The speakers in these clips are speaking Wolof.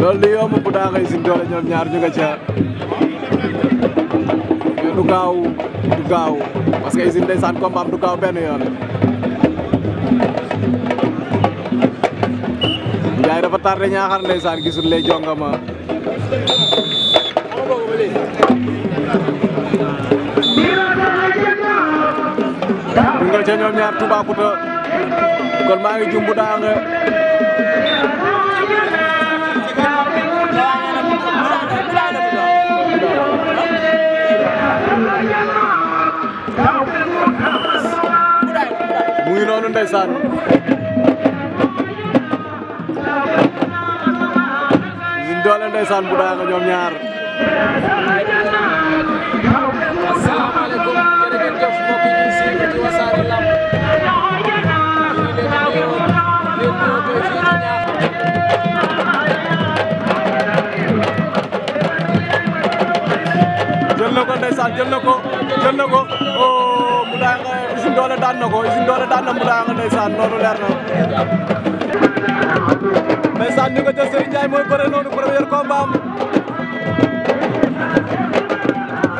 loolu di yomb bu daa ngay sin doole ñoom ñaar ñu nga ca du gaaw du gaaw parce que usine ndeysaan combat du gaaw benn yoon Njaay dafa tardé ñaaxar ndeysaan gisul lay jongama nga ñaar jumbu nga ndeysaan ñu doole ndeysaan bu daa nga ñoom ñaar asalaamaaleykum jërëngeen jëf mbokk yi ñu siiw ci Wassare Lamb jël na ko ndeysaan jël na ko jël na ko oh mu daa Usine Doole daan na ko Usine Doole daan na Mbulaay nga ndeysaan noonu leer na ndeysaan ñu ko jël Serigne Ndiaye mooy bëre noonu premier combat am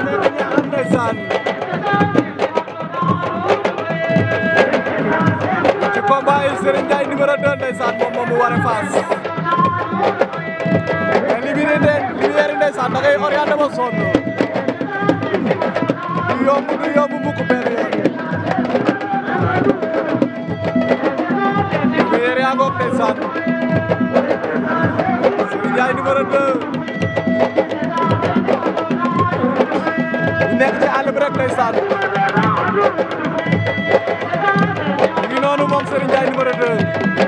nekk ndeysaan ci combat yi Serigne Ndiaye numéro 2 ndeysaan moom moom mu war a faas mais li bi ne de li bi yeri ndeysaan da ngay orienté ba sonn du yomb du yomb mukk benn yoon ndeysaan Serigne Ndiaye numéro 2 ñu nekk ci àll bi rek ndeysaan ñu ngi noonu moom Serigne Ndiaye numéro 2 ñu ngi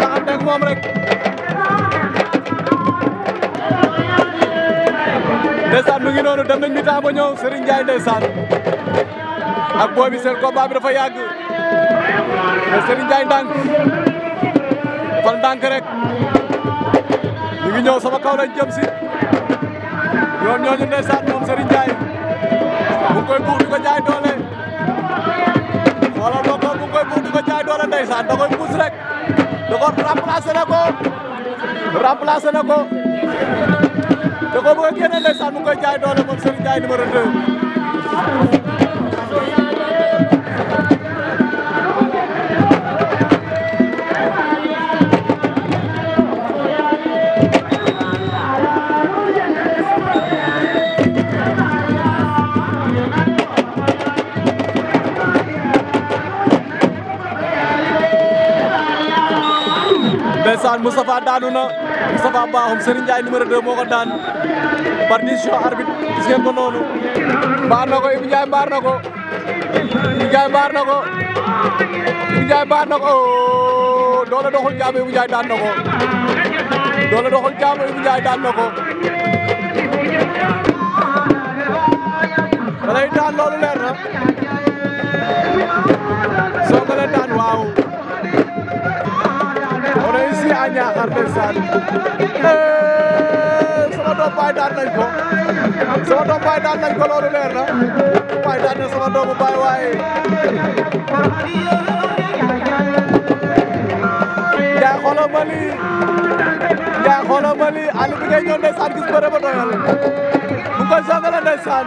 taxante ak moom rek ndeysaan mu ngi noonu dem nañ mi temps ba ñëw Serigne Ndiaye ak boobi seen combat bi dafa yàgg mais Serigne Ndiaye ndànk defal ndànk rek ñu ngi ñëw sama kaw lañ jëm si ñoom ñooñu ndeysaan moom Serigne Ndiaye bu koy buux ko jaay doole xoolal doo ko bu koy buux ko jaay doole ndeysaan da koy puus rek da ko remplacé na ko remplacé na ko da ko bëgg a génne ndeysaan mu jaay doole moom Serigne Ndiaye numéro ndeysaan Moustapha daanu na Moustapha Bakhoum Serigne Ndiaye numéro 2 moo ko daan par décision arbitre gis ngeen ko noonu mbaar na ko Ibou Ndiaye na ko Ibou Ndiaye na ko Ibou na ko o oh, doole doxul jàmm Ibou Ndiaye daan na ko doole doxul jàmm Ibou Ndiaye na ko da lay loolu leer na ndeysaan sama doom baay daan nañ ko sama doom baay daan nañ ko loolu leer na baay daan na sama doomu baay waaye yaa xoolal ma lii yaa xoolal ma lii Aliou bi ngay ñëw ndeysaan gis bëre ba doyal bu ko songale ndeysaan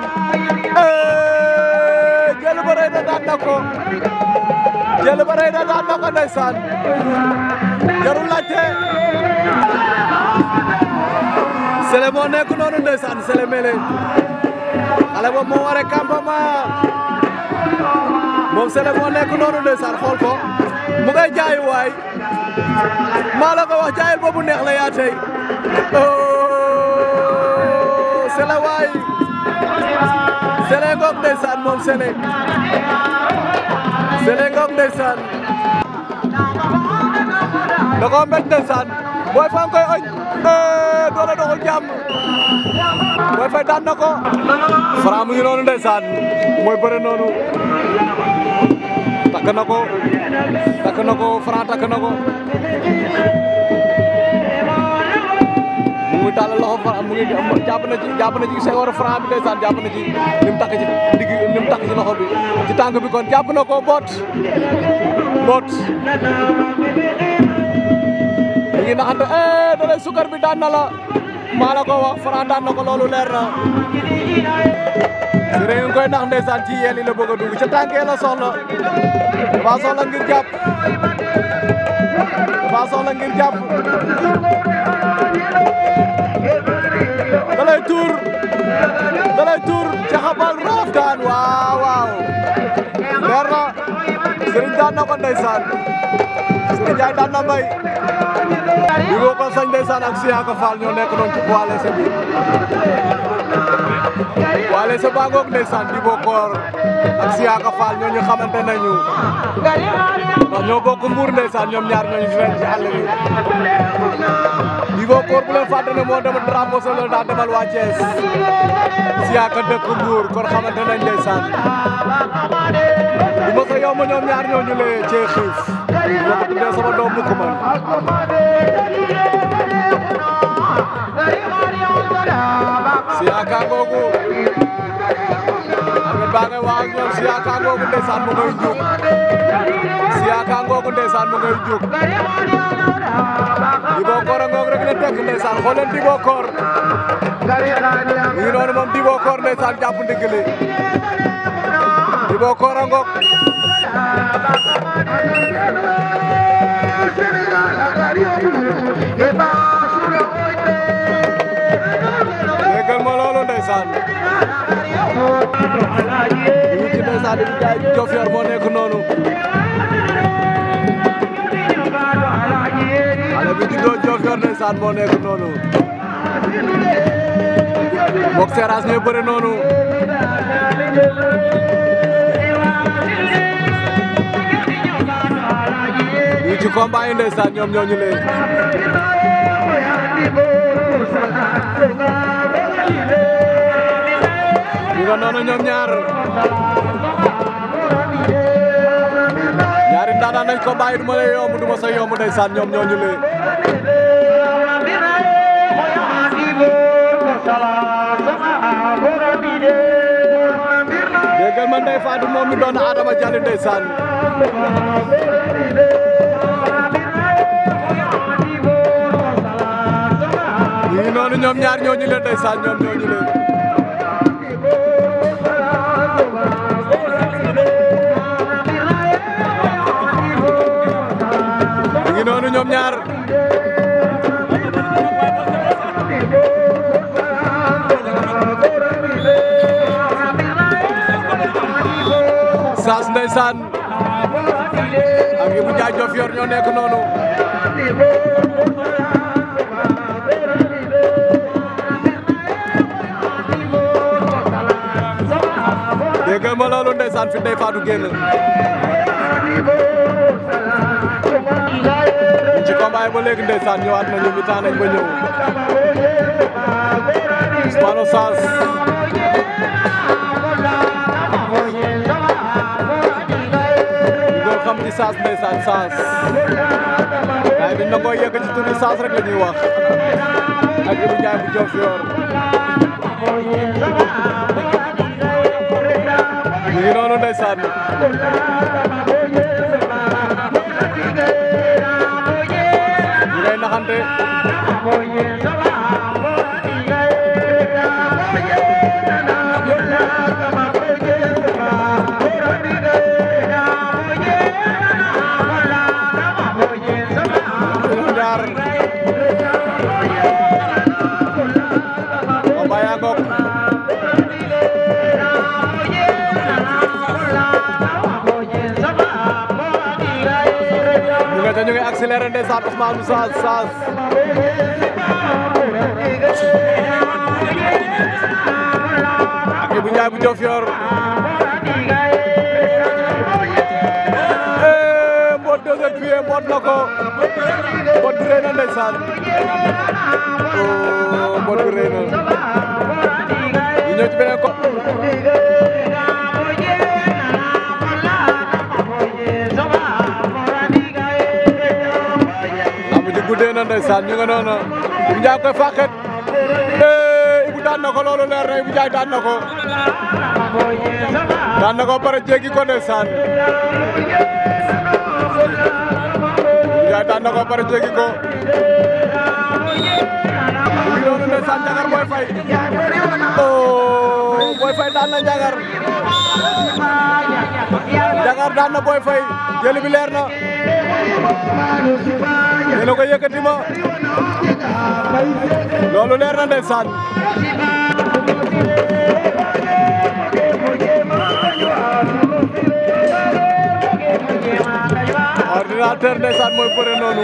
jël bëre na daan na ko jël ba rëy na daan na ko ndeysaan jarul laajte Sélé moo nekk noonu ndeysaan Sélé Mélé xale boobu moo waree campement moom Sélé moo nekk noonu ndeysaan xool ko mu ngay jaay maa la ko wax jaayil boobu neex la yaa tey oh, Sélé waay Sélé ngoog ndeysaan moom Sélé Sele Ngom ndeysaan da koo mbett ndeysaan Boy Faye koy oñ doole doxul jàmm Boy Faye daan na ko Franc noonu ndeysaan mooy bëre noonu takk na takk na ko takk na ngi tàllal loxo Franc mu ngi jàpp na ci jàpp na ci Senghor Franc bi ndeysaan jàpp na ci ni mu takk ci ndig ni loxo bi ci tànk bi kon jàpp na ko boot boot mi ngi naxante eh sukar bi daan na la maa la ko wax Franc daan na ko loolu leer na Siré ngi koy nax ndeysaan ci yeel yi la bëgg a dugg ca tànkee la soxla ngir jàpp dafa ngir jàpp dalay tuur dalay tuur caxabal roof daan waaw waaw leer na sëriñ daan na ko ndeysaan sëriñ Njaay daan na mbay bi boo ko sañ ndeysaan ak Siaka Fall ñoo nekk noonu ci poids léger waale sa bangoog ndeysaan Djibo Kor ak Siaka Fall ñooñu xamante nañu ndax ñoo bokk mbuur ñaar ñooñu fi leen ci àll bi Djibo Kor bu leen fàtte ne moo demal drapeau sa loolu daa demal waa Thiès Siaka dëkk mbuur kon xamante nañ ndeysaan bu ma sa yow ñaar ñooñu lee cee xiif boo ko tuddee Siyaa Ka Ngoogu Ahmed Ba ngay wax ak ñoom Ngoogu ndeysaan mu ngay jóg Siyaa Ka Ngoogu ndeysaan mu ngay jóg Dibokor a ngoog rek la tekk ndeysaan xool leen Dibokor mu ngi noonu moom Dibokor ndeysaan jàpp ndigale Dibokor a ngoog Yiwi Diouf ndeysaan Ibi Ndiaye Diofior moo nekk noonu. xale bi juddoo Diofior ndeysaan moo nekk noonu. Book Seras ñooy bëre noonu. ñu ci combat yi ñoom ñoo ñu ñu nga noonu ñoom ñaar ñaari ndaanaan nañ ko bàyyi du ma lay yomb du ma sa yomb ndeysaan ñoom ñoo ñu lee déggal ma Ndeye Fatou moom mi doon Adama Diallo ndeysaan ñu ngi noonu ñoom ñaar ñoo ñu lee ndeysaan ñoom ñoo ñu lee ñoom ñaar saas ndeysaan ak yi bu gars yi ba léegi ndeysaan ñëwaat nañu bi taan nañ ba ñëw Ousmane Sass ñoo xam ni Sass ndeysaan Sass waaye bi na koy yëkk ci turi Sass rek la ñuy wax ak Ibou Ndiaye bu Diofior ñu ngi noonu ndeysaan போட்டு போய் accéléré ndeysaan Ousmane Saas Saas ak bu Njaay bu Diofior mbot deuxième pied mbot na ko mbot bi rëy na ndeysaan mbot bi rëy na ñu ko dee na ndeysaan ñu nga noonu Ibou Ndiaye koy fàqet Ibou daan na ko loolu leer na Ibou Ndiaye daan na ko daan na ko pare jéggi ko ndeysaan Ibou Ndiaye daan na ko pare jéggi ko ñu oh, daan na Ndiagar Ndiagar daan na Boy Faye jëli leer na dina ko yëkkati ma loolu leer na ndeysaan ordinateur ndeysaan mooy bëre noonu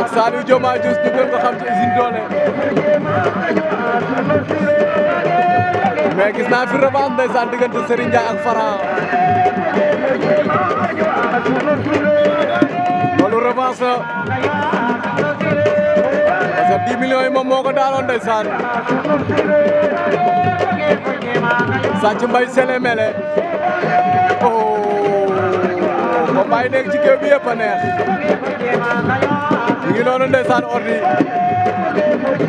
ak Saliou Diomaye Diouf ñu gën ko xam ci usine doole mais gis naa fi revanche ndeysaan diggante Serigne Ndiaye ak Fara loolu revanche la parce que 10 daaloon ndeysaan sàcc mbay sele mele oh ba bàyyi ci géew bi a neex ñu ngi noonu ordi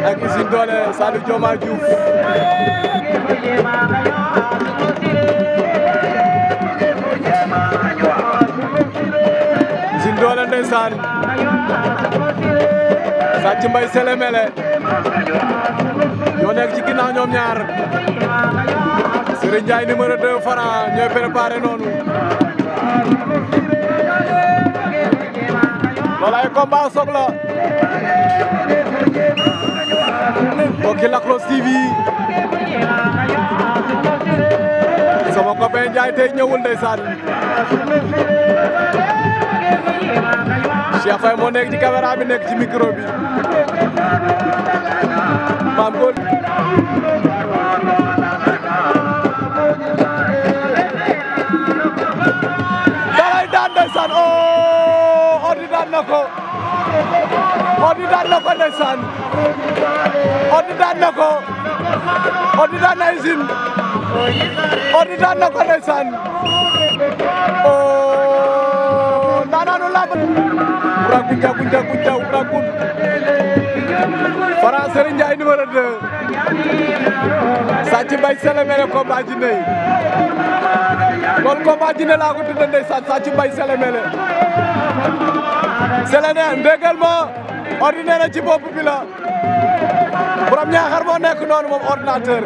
ak usine doole Saliou Diomaye Diouf Zil Doole ndeysaan sàcc mbay selemele ñoo nekk ci ginnaaw ñoom ñaar Serigne Ndiaye numéro 2 Franc ñooy préparé noonu loolu ay combat mbokki Lac Rose TV sama copain Ndiaye tey ñëwul ndeysaan Cheikh Faye moo nekk ci caméra bi nekk ci micro bi maam góor Ordu daan na ko ndeysaan Ordu daan na ko Ordu daan na usine Ordu daan na ko ndeysaan oo naanaanu lamb Bourak Kounta Kounta Kounta Bourak Kounta ci mbay Sélé le combat jinne yi loolu combat jinne laa ko tudde ndeysaan saa ci mbay Sélé le Sélé ne ndégal ma ordinaire ci bopp bi la borom ñaaxar moo nekk noonu moom ordinateur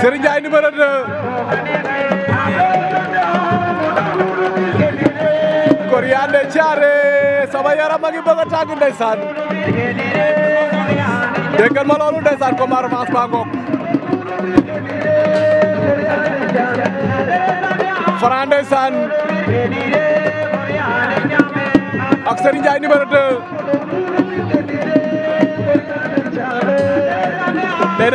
Serigne Ndiaye numéro 2 Koriande Thiaré sama yaram a ngi bëgg a tàng ndeysaan dégg ngeen ma loolu ndeysaan baa ngoog Franc ndeysaan ak Serigne Ndiaye numéro 2 tey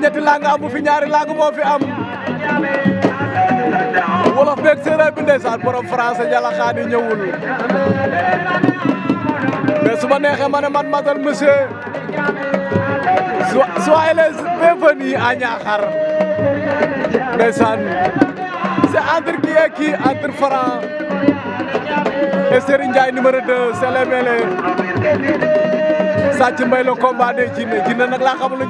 ñetti lang amu fi ñaari lang moo fi am wolof beeg séeréer bi borom français jala xaadi ñëwul mais su ma neexee ma ne man Soyez les bienvenus à Niakhar ndeysaan c'est entre qui et qui entre Franc et Serigne Ndiaye numéro 2 Sélé Mélé Sathie Mbaye le combat des jinne jinne nag laa loolu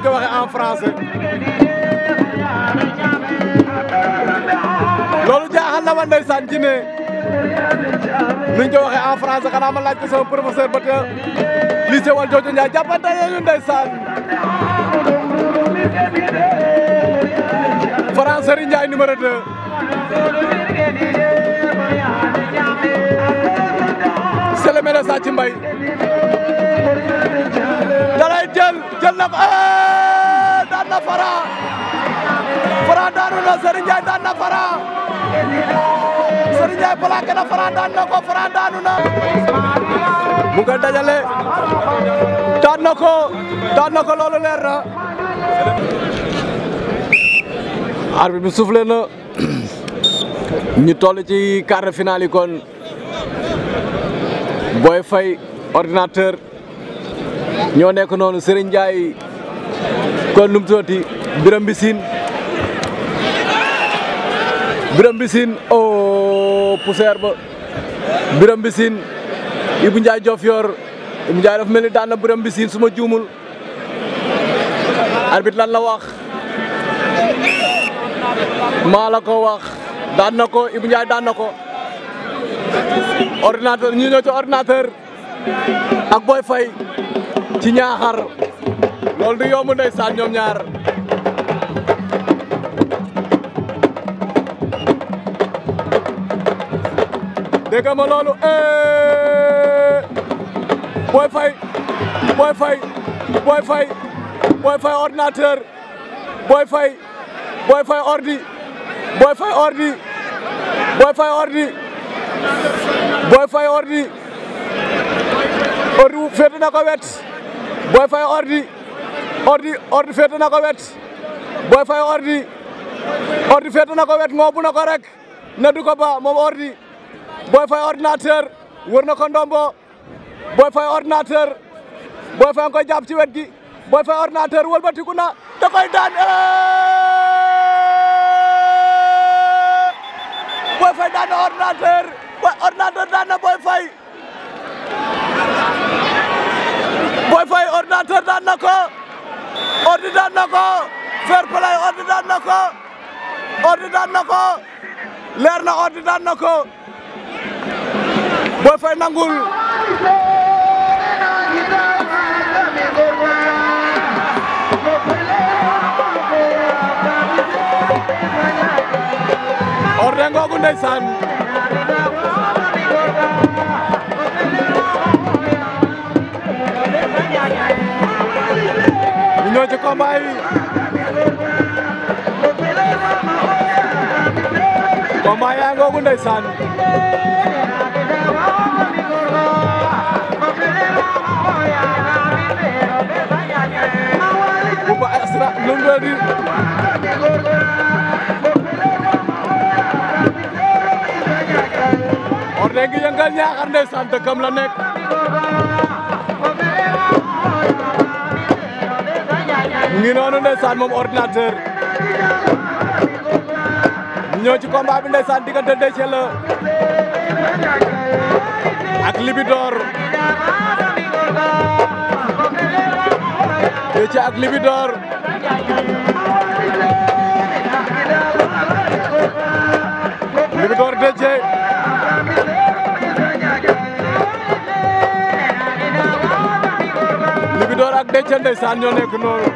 jaaxal na ma ndeysaan jinne ni ñu ko waxee en xanaa ma laaj ko sama professeur ba te lycée Valdiodio Ndiaye jàppante ne ñun ndeysaan Franc Serigne Ndiaye numéro 2. Sele Mele Sa ci mbay. dalay jël eh, daan na Franc Franc daanu na Serigne Ndiaye daan na Franc. Ndiaye plaqué na Franc na ko Franc na mu dajale daan na ko daan na loolu leer na arbitre bi soufflé na ñu toll ci quart de finale yi kon Boy Faye ordinateur ñoo nekk noonu Serigne Ndiaye kon num tuuti Birame Bissine Birame Bissine oh poussière ba Biram Bisin Ibou Ndiaye Diofior Ibou Ndiaye dafa mel ni daan na Biram Bisin su ma juumul arbitre lan la wax maa la ko wax daan na ko Ibou Ndiaye daan na ko ordinateur ñu ñëw ci ordinateur ak Boy Faye ci ñaaxar di du yomb ndeysaan ñoom ñaar dégg nga loolu eh! Boy Faye Boy Faye Boy Faye Boy Faye ordinateur Boy Faye Boy Faye ordi Boy Faye ordi Boy Faye ordi ordi ordi na ko wet Boy Faye ordi ordi ordi féete na ko wet Boy Faye ordi ordi féete na ko wet ngoobu na ko rek na du ko ba moom ordi Boy Faye ordinateur wër na ko ndombo Boy Faye ordinateur Boy Faye nga koy jàpp ci wet gi Boy Faye ordinateur wëlbatiku na da koy daan eh! Boy Faye daan na ordinateur ordinateur daan na Boy Faye Boy Faye ordinateur daan na ko ordi na ko fair play ordi na ko ordi na ko leer na ordi na ko Boy Faye nangul Orné ngoogu ndeysaan ñu ñëw ci combat yi combat yaa ngoogu ndeysaan Bouba Asra Longoni Orné ngi yëngal Ñaaxar ndeysaan dëkkam la nekk mu ngi noonu ndeysaan moom ordinateur ñoo ci combat bi ndeysaan diggante Déthié ak Libidor Déthié ak Libidor Libidor Déthié Libidor ak Déthié ndeysaan ñoo nekk noonu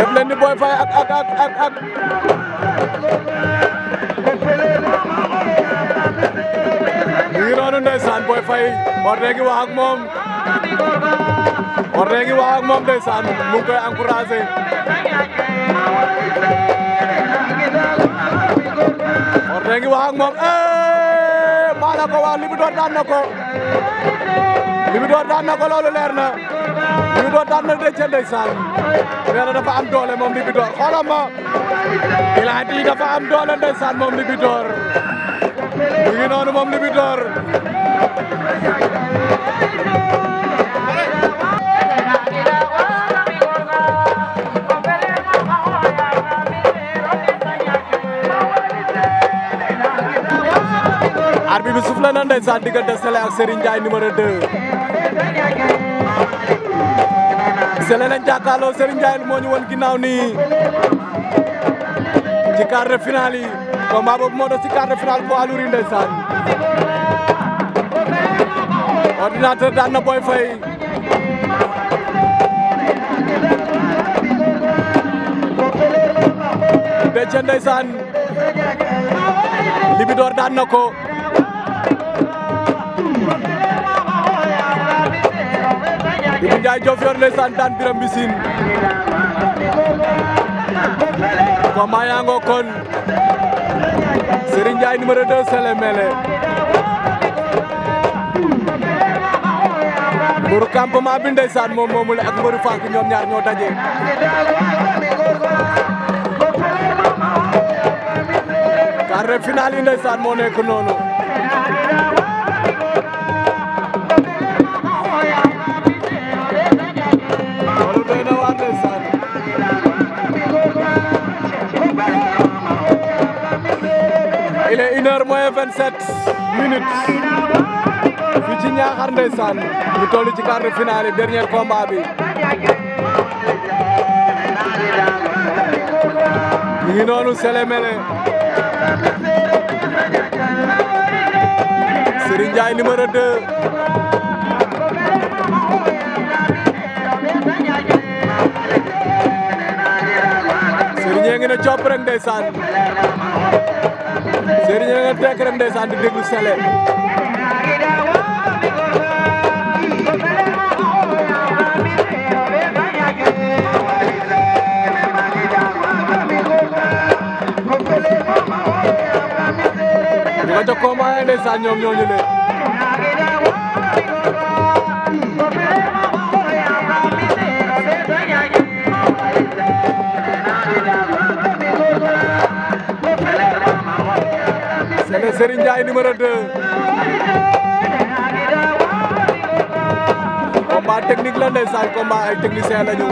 def leen ni Boy Faye ak ak ak ak ndeysaan Boy Faye Orné ngi wax ak moom Orné ngi wax ak moom ndeysaan eh, ko wax Libidor daan na ko Libidor daan na ko loolu leer na Libidor daan na dëcc ndeysaan nee na dafa am doole moom Libidor xoolal ma Bilaay dafa am doole ndeysaan moom Libidor mu ngi noonu moom Libidor arbitre bi soufflé na ndeysaan diggante Sélé ak Serigne Ndiaye numéro 2 Sélé lañ jàkkaarloo Serigne Ndiaye moo ñu woon ginnaaw ci quart de finale yi boobu moo doon ci quart de finale poids lourd yi ordinateur daan na Boy Faye Béthie ndeysaan Libidor daan na ko Ibu Njaay Jofior ndeysaan daan Biram Bisin ko kon Serigne Ndiaye numéro 2 Sele Mele mbëru campement bi ndeysaan moom moomu la ak mbëru ñoom ñaar ñoo daje. quart de finale ndeysaan moo nekk noonu. loolu doy na ndeysaan. il est une heure moins vingt-sept ci Niakhar ndeysaan. ñu toll ci quart de finale yi dernier combat bi noonu selemele Serigne Ndiaye numéro 2 Serigne yee ngi ne copp rek ndeysaan ngi ne tekk rek ndeysaan di déglu sele ay ta combat ya ndeysaan ñoom ñoo ñu lee c'est le Serigne Ndiaye numéro 2 combat technique la ndeysaan combat ay technicien la ñu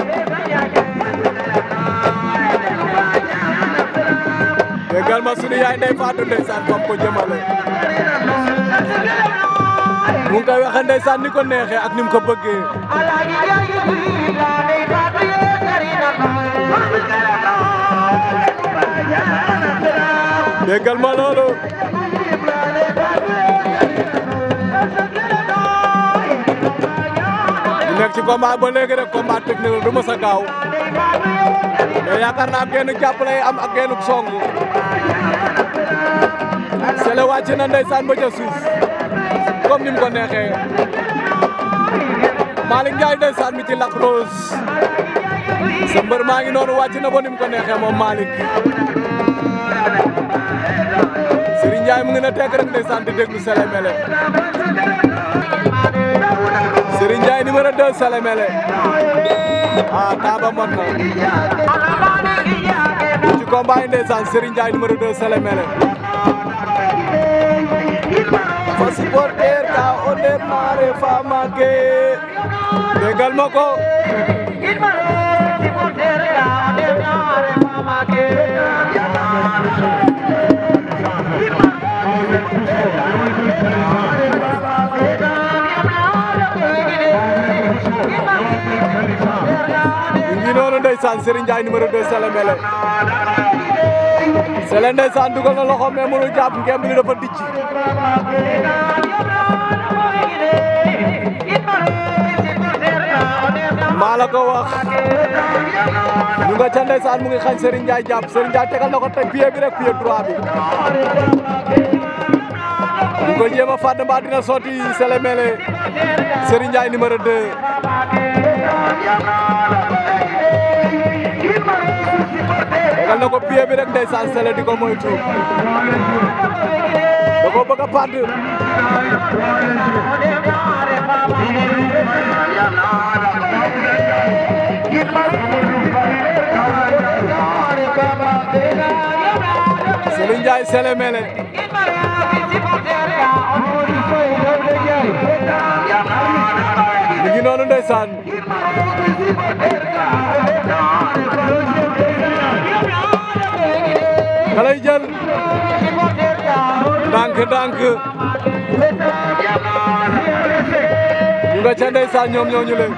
déggal ma sunu yaay ndey faatu ndeysaan fam ko jëmale mu ngi koy waxe ni ko neexee ak ni mu ko bëggee déggal ma loolu nekk ci combat ba léegi rek combat technique du ma gaaw te yaakaar naa genn jàpp lay am ak genn song Sélé wàcc na ndeysaan ba ca suuf comme ni mu ko neexee Malick Ndiaye mi ci Lac Rose sa maa ngi noonu wàcc na ba ni mu ko moom Malick Serigne Ndiaye mu ngi na tekk rek ndeysaan di déglu Sélé Mélé Serigne Ndiaye numéro 2 Sélé ah Daba mot na ci combat yi ndeysaan Serigne Ndiaye numéro 2 Sélémélé fa supporter ka o démarré fa manqué déggal ma ko ndeysaan Serigne Ndiaye numéro 2 Sélé Mélé Sélé ndeysaan dugal na loxo mais mënul jàpp ngemb li dafa dijji maa la ko wax ñu nga ca ndeysaan mu ngi xañ Serigne Ndiaye jàpp Serigne Ndiaye tegal na ko teg pied bi rek pied droit bi ñu ko jéem a fàdd mbaa dina numéro 2 tegal na ko pied bi rek ndeysaan di ko moytu da ko bëgg a pàdd Sélé Ndiaye Sélé Mélé mi ngi da lay jël ndànk ndànk ñu nga ca ndeysaan ñoom ñoo ñu leen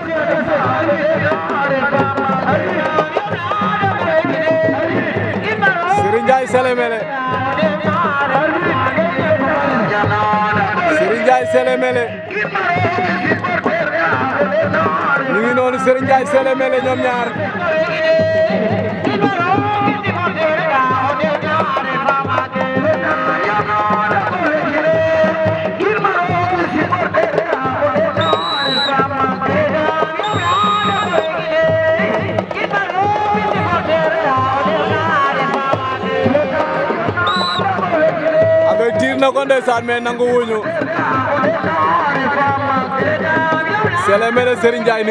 ñoom ñaar ndeysaan mais nangu wuñu c'est le maire Serigne Ndiaye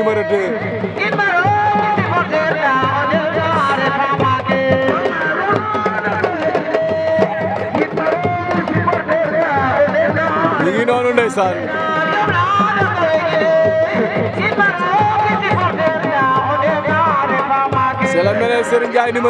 numéro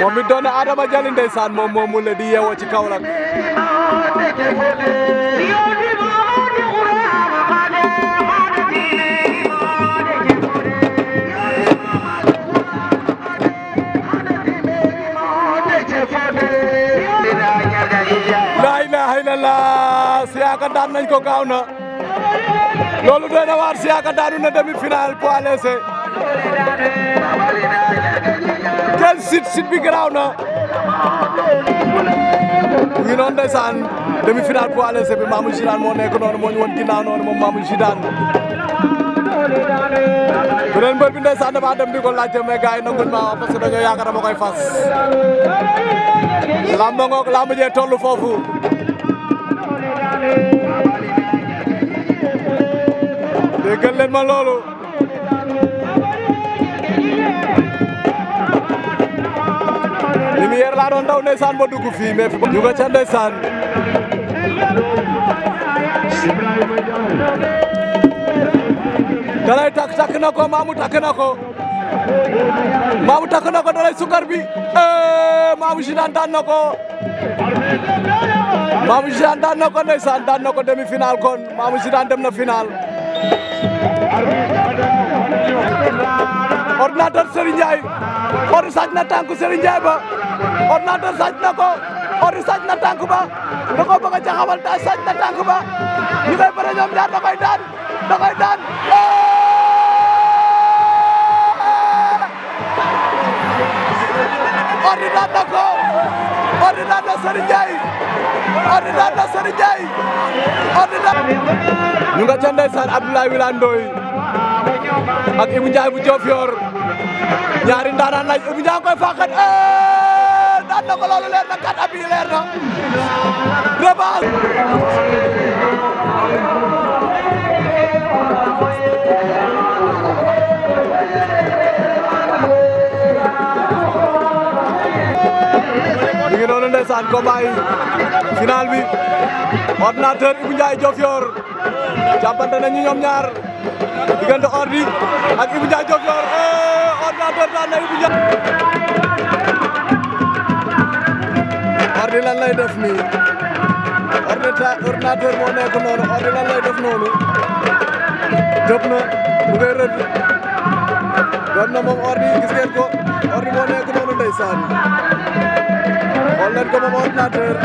moom it doon Adama Jali ndeysaan moom moom mu le di yeewoo ci Kaolack laa ilaaha illallaah Siaka daan nañ ko gaaw na loolu doy na waar Siaka daanu na demi-finale poids léger sit sit bi garaaw na mu ngi noonu ndeysaan demi final pour ALC bi Mamoul Zidane moo nekk noonu moo ñu woon ginnaaw noonu moom Mamoul Zidane beneen mbër bi ndeysaan damaa dem di ko laajte mais gars yi nanguñ ma parce que dañoo yaakaar dama koy fas lamba ngoog lamba jee toll foofu déggal leen ma loolu lumière laa doon daw ndeysaan ba dugg fii mais ñu nga ca ndeysaan dalay takk takk na ko maamu takk na maamu takk na dalay sukar bi eh, maamu si daan daan na maamu si daan daan na ko daan na demi final kon maamu si daan dem na final ordinateur Serigne Ndiaye Ordu sàcc na tànku Serigne Ndiaye ba ordinateur sàcc na a ñaari ndaanaan lañ ubi Niang koy faxat eh daan na ko lolu leer na kat abi leer na rebal ñu ngi noonu ndeysaan combat yi final bi ordinateur Ibou ndjay Ndiaye yor jàppante nañu ñom ñaar digënd ordi ak Ibou ndjay yor Diofior eh. ordinateur daan na Ibou Ndiaye ordi lan lay def nii ordinateur moo nekk noonu ordi lan lay noonu jot na mu ngay rëdd jot na moom ordi gis ngeen ko ordi nekk noonu ndeysaan xool leen ko moom ordinateur